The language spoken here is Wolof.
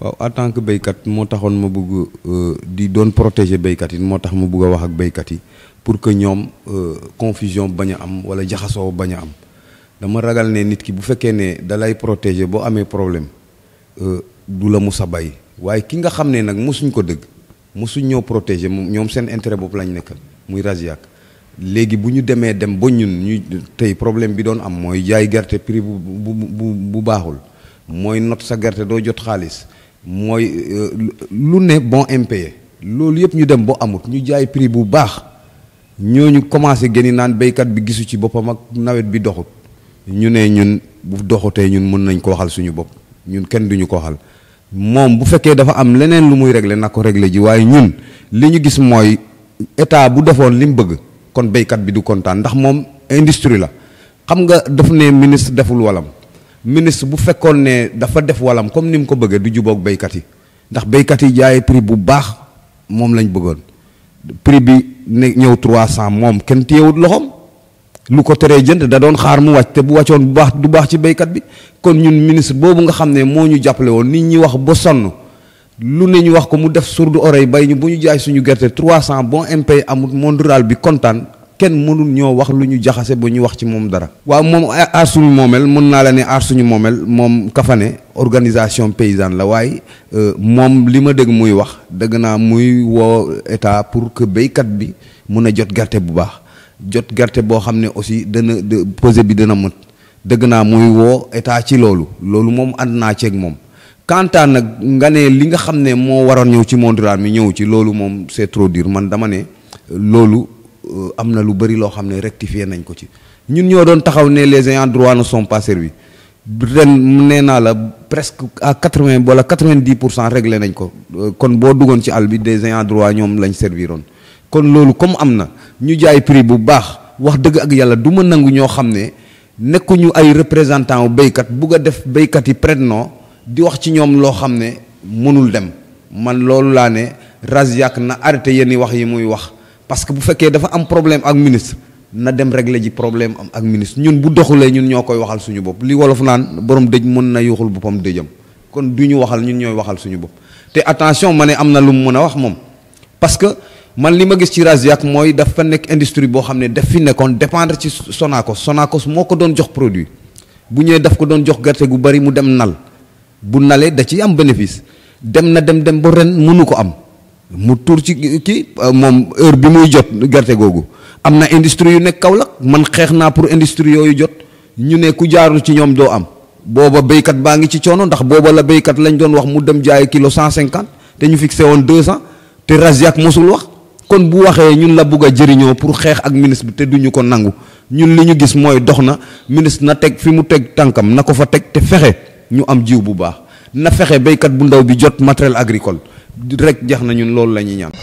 waaw en tant que béykat moo taxoon ma bëgg euh, di doon protéger béykat yi moo tax ma bugg a wax ak béykat yi pour que ñoom euh, confusion bañ a am wala jaxasoo bañ a am dama ragal ne nit ki bu fekkee ne da lay protéger boo amee problème euh, du la mu sa bay waaye ki nga xam ne nag mosuñ ko dëgg mosuñ ñoo protéger ñoom seen intérêt bopp lañ nekk muy Rasiac léegi bu ñu demee dem ba ñun ñu tey problème bi doon am mooy jaay gerte prix bu bu bu baaxul mooy not sa gerte doo jot xaalis. mooy euh, lu ne bon impayé loolu yëpp ñu dem boo amut ñu jaay prix bu baax ñooñu commencé génni naan béykat bi gisu ci boppam ak nawet bi doxut ñu ne ñun bu doxutee ñun mën nañ ko waxal suñu bopp ñun kenn duñu ko waxal moom bu fekkee dafa am leneen lu muy régler nag ko régler ji waaye ñun li ñu gis mooy état bu defoon li bëgg kon béykat bi du kontaan ndax moom industrie la xam nga daf ne ministre deful walam ministre bu fekkoon ne dafa def walam comme ni mu ko bëggee du jubóog béykat yi ndax béykat yi jaaye prix bu baax moom lañ bëggoon prix bi ne ñëw 300 moom kenn téyewut loxoom lu ko teree jënd da doon xaar mu wàcc te bu waccoon bu baax du baax ci baykat bi kon ñun ministre boobu nga xam ne moo ñu jàppale woon nit ñi wax ba sonn lu ne ñu wax ko mu def sourde oreille bay ñu bu ñu jaay suñu gerte trois 300 bon MP amut monde rural bi kontaan. kenn mënul ñoo wax lu ñu jaxase ba ñu wax ci moom dara. waaw moom aar suñu moomel mën naa la ne aar suñu moomel moom Kafane organisation paysanne la waaye euh, moom li ma dégg muy wax dëgg naa muy woo état pour que bi mun a jot gerte bu baax jot gerte boo xam ne aussi dana posé bi dana mët dëgg naa muy woo état ci loolu loolu moom ànd naa ceeg moom. kantaan nag nga ne li nga xam ne moo waroon ñëw ci monde rural mi ñëw ci loolu moom c'est trop dur man dama ne loolu. Euh, am na lu bari loo xam ne rectifier nañ ko ci ñun ñoo doon taxaw ne les ayants droit ne sont pas servis ren nee naa la presque à quatre vingt wala quatre pour cent réglé nañ ko euh, kon boo duggoon ci àll bi des ayants droit ñoom lañ serviroon kon loolu comme am na ñu jaay prix bu baax wax dëgg ak yàlla du ma nangu ñoo xam ne nekkuñu ay représentant wu béykat bugg a def béykat yi prête-nom di wax ci ñoom loo xam ne mënul dem man loolu laa ne Raziak na arrêté yenn wax yi muy wax parce que bu fekkee dafa am problème ak ministre na dem régler ji problème am ak ministre ñun bu doxulee ñun ñoo koy waxal suñu bopp li wolof naan borom dëj mën na yuuxul boppam dëjam kon du ñu waxal ñun ñooy waxal suñu bopp te attention ma amnalum am na lu mu mën a wax moom parce que man li ma gis ci Rasiac mooy dafa nekk industrie boo xam ne daf fi nekkoon dépendre ci Sonacos Sonacos moo ko doon jox produit bu ñëwee daf ko doon jox gerte gu bari mu dem nal bu nalee da am bénéfice dem na dem dem ba ren mënu ko am mu tuur ci kii euh, moom heure bi muy jot gerte googu am na industrie yu nekk Kaolack man xeex naa pour industrie yooyu jot ñu ne ku jaarul ci ñoom doo am booba béykat baa ngi ci coono ndax booba la béykat lañ doon wax mu dem jaay kilo cent cinquante te ñu fixé woon deux cent te Raziak mosul wax kon bu waxee ñun la bugg a jëriñoo pour xeex ak ministre bi te duñu ko nangu ñun li ñu gis mooy dox na ministre na teg fi mu teg tànkam na ko fa teg te fexe ñu am jiw bu baax na fexe béykat bu ndaw bi jot matériel agricole rek jax nañu ñun loolu la ñuy ñaan.